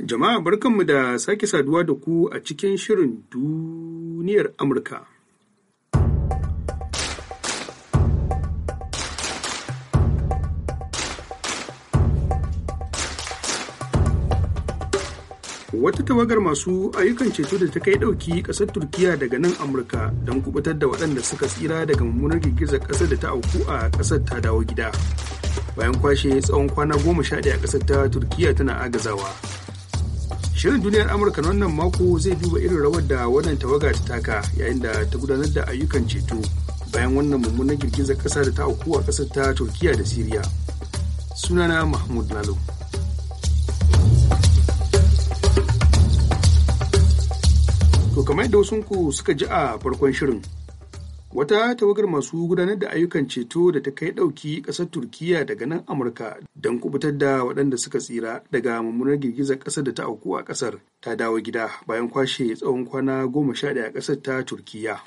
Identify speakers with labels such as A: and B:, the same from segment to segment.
A: Jama'a barkanmu da sake saduwa da ku a cikin shirin duniyar Amurka. Wata tawagar masu ayyukan ceto da ta kai ɗauki ƙasar Turkiyya daga nan Amurka don kubutar da waɗanda suka tsira daga mummunar girgizar ƙasar da ta auku a ƙasar ta dawo gida. Bayan kwashe tsawon kwana goma sha ɗaya ƙasar ta Turkiya tana agazawa. Shirin duniyar Amurka na wannan mako zai duba irin rawar da wannan tawaga ta taka yayin da ta gudanar da ayyukan ceto bayan wannan mummunan girgizar ƙasa da ta auku a ƙasar ta Turkiya da Siriya. Sunana Mahmud Lalo. To da yadda wasunku suka ji a farkon shirin wata tawagar masu gudanar da ayyukan ceto da ta kai ɗauki ƙasar turkiya daga nan amurka don kubutar da waɗanda suka tsira daga mummunar girgizar ƙasar da ta auku a ƙasar ta dawo gida bayan kwashe tsawon kwana goma sha ɗaya ƙasar ta turkiya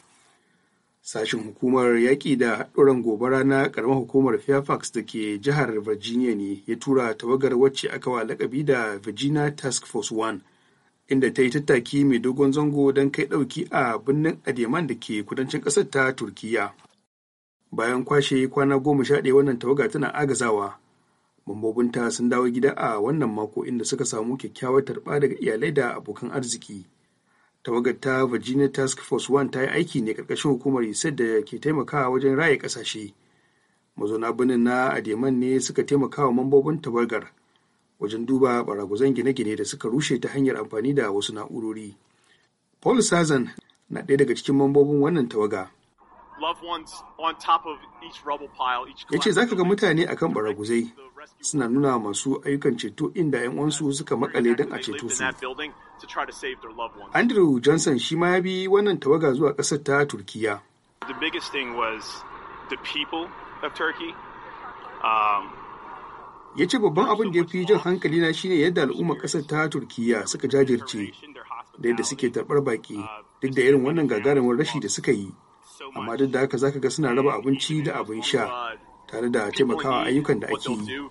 A: sashen hukumar yaƙi da ɗoran gobara na ƙaramar hukumar fairfax da ke jihar virginia ne ya tura tawagar wacce aka wa lakabi da virginia task force one inda ta yi tattaki mai dogon zango don kai ɗauki a birnin Ademan da ke kudancin ƙasar ta Turkiyya. Bayan kwashe kwana goma sha ɗaya wannan tawaga tana agazawa, mambobinta sun dawo gida a wannan mako inda suka samu kyakkyawar tarba daga iyalai da abokan arziki. Tawagar ta Virginia Task Force One ta yi aiki ne ƙarƙashin hukumar USAID da ke taimakawa wajen raya ƙasashe. Mazauna birnin na Ademan ne suka taimakawa mambobin tawagar. wajen duba baragwazon gine-gine da suka rushe ta hanyar amfani da wasu na'urori. Paul Sazan na ɗaya daga cikin mambobin wannan tawaga. Ya ce za ka ga mutane a kan baraguzai suna nuna masu ayyukan ceto inda 'yan uwansu suka makale don a ceto su. Andrew Johnson shi ma ya bi wannan tawaga zuwa ƙasar ta Turkiyya. The biggest thing the people of Turkey. Um, ya ce babban abin da ya fi jin hankali na shine yadda al'umma kasar ta Turkiyya suka jajirce da yadda suke tarbar baki duk da irin wannan gagarumin rashi da suka yi amma duk da haka zaka ga suna raba abinci da abin sha tare da taimakawa ayyukan da ake yi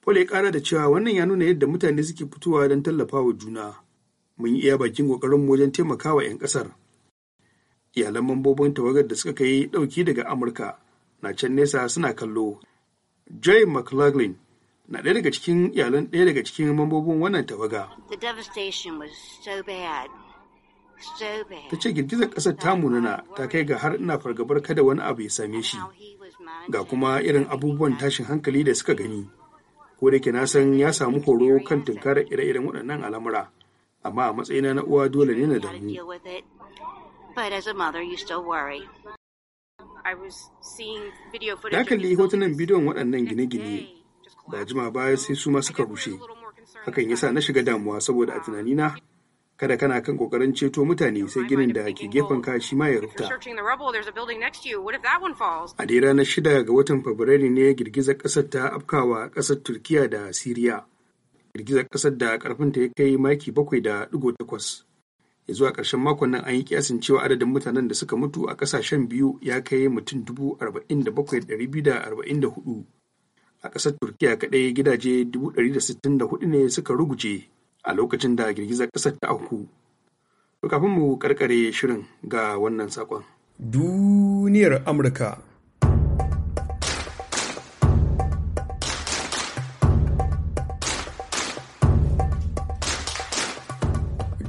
A: Paul ya kara da cewa wannan ya nuna yadda mutane suke fitowa don tallafawa juna. Mun yi iya bakin ƙoƙarinmu wajen taimakawa 'yan kasar Iyalan mambobin tawagar da suka kai ɗauki daga Amurka na can nesa suna kallo joy mclaughlin na ɗaya daga cikin iyalan ɗaya daga cikin mambobin wannan tawaga ta ce girgizar ƙasar ta munana ta kai ga har ina fargabar kada wani abu ya same shi ga kuma irin abubuwan tashin hankali da suka gani ko da na san ya samu horo kan tunkara ire-iren waɗannan al'amura amma a matsayina na uwa dole ne na damu Na kalli hotunan bidiyon waɗannan gine-gine da jima baya sai su ma suka rushe. Hakan yasa na shiga damuwa saboda a um, tunanina kada kana kan kokarin ceto mutane sai ginin da ke gefen ka shi ma ya rufta. A dai ranar shida ga watan Fabrairu ne girgizar ƙasar ta afkawa ƙasar Turkiya da Siriya. Girgizar ƙasar da ƙarfinta ya kai maki bakwai da ɗigo takwas. ya zuwa ƙarshen makon nan an yi kiyasin cewa adadin mutanen da suka mutu a ƙasashen biyu ya kai mutum dubu arba'in da bakwai ɗari biyu da arba'in da hudu a ƙasar turkiya kaɗai gidaje dubu ɗari da sittin da hudu ne suka ruguje a lokacin da girgizar ƙasar ta auku to kafin mu karkare shirin ga wannan saƙon duniyar amurka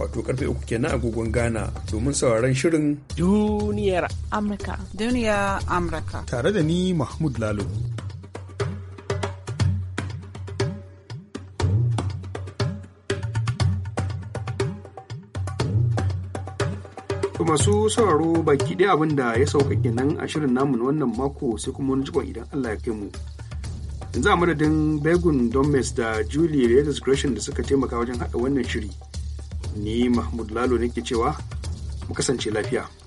A: wato karfe uku kenan agogon Ghana domin sauraron shirin duniyar Amurka. duniya Amurka. Tare da ni Mahmud Lalo. masu sauraro baki ɗaya abin da ya sauka kenan a shirin namu na wannan mako sai kuma wani jikon idan Allah ya kai mu. Yanzu a madadin Begun Domes da Julie Reyes Gresham da suka taimaka wajen haɗa wannan shiri. ni mahmud lalo nake cewa mu kasance lafiya